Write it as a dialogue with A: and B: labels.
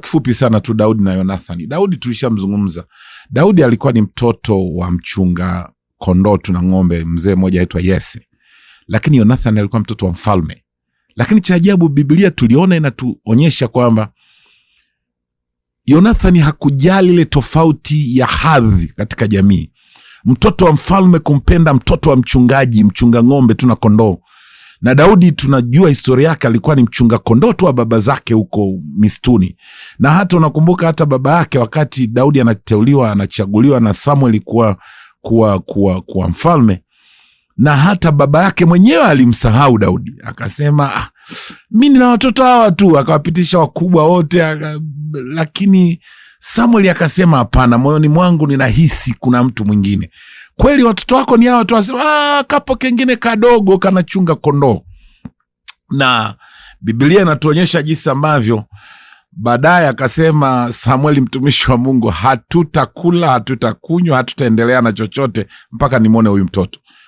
A: Kifupi sana tu Daudi na Yonathani. Daudi tulishamzungumza. Daudi alikuwa ni mtoto wa mchunga kondoo tu na ng'ombe, mzee mmoja aitwa Yese, lakini Yonathani alikuwa mtoto wa mfalme. Lakini cha ajabu, Biblia tuliona inatuonyesha kwamba Yonathani hakujali ile tofauti ya hadhi katika jamii, mtoto wa mfalme kumpenda mtoto wa mchungaji, mchunga ng'ombe tu na kondoo na Daudi tunajua historia yake, alikuwa ni mchunga kondoo tu wa baba zake huko mistuni, na hata unakumbuka hata baba yake wakati Daudi anateuliwa anachaguliwa na Samueli kuwa, kuwa, kuwa, kuwa mfalme na hata baba yake mwenyewe alimsahau Daudi, akasema ah, mi nina watoto hawa tu, akawapitisha wakubwa wote lakini Samueli akasema hapana, moyoni mwangu ninahisi kuna mtu mwingine kweli watoto wako ni hawa tuwasema ah, kapo kengine kadogo kanachunga kondoo. Na Biblia inatuonyesha jinsi ambavyo baadaye akasema Samueli mtumishi wa Mungu, hatutakula hatutakunywa hatutaendelea na chochote mpaka nimwone huyu mtoto.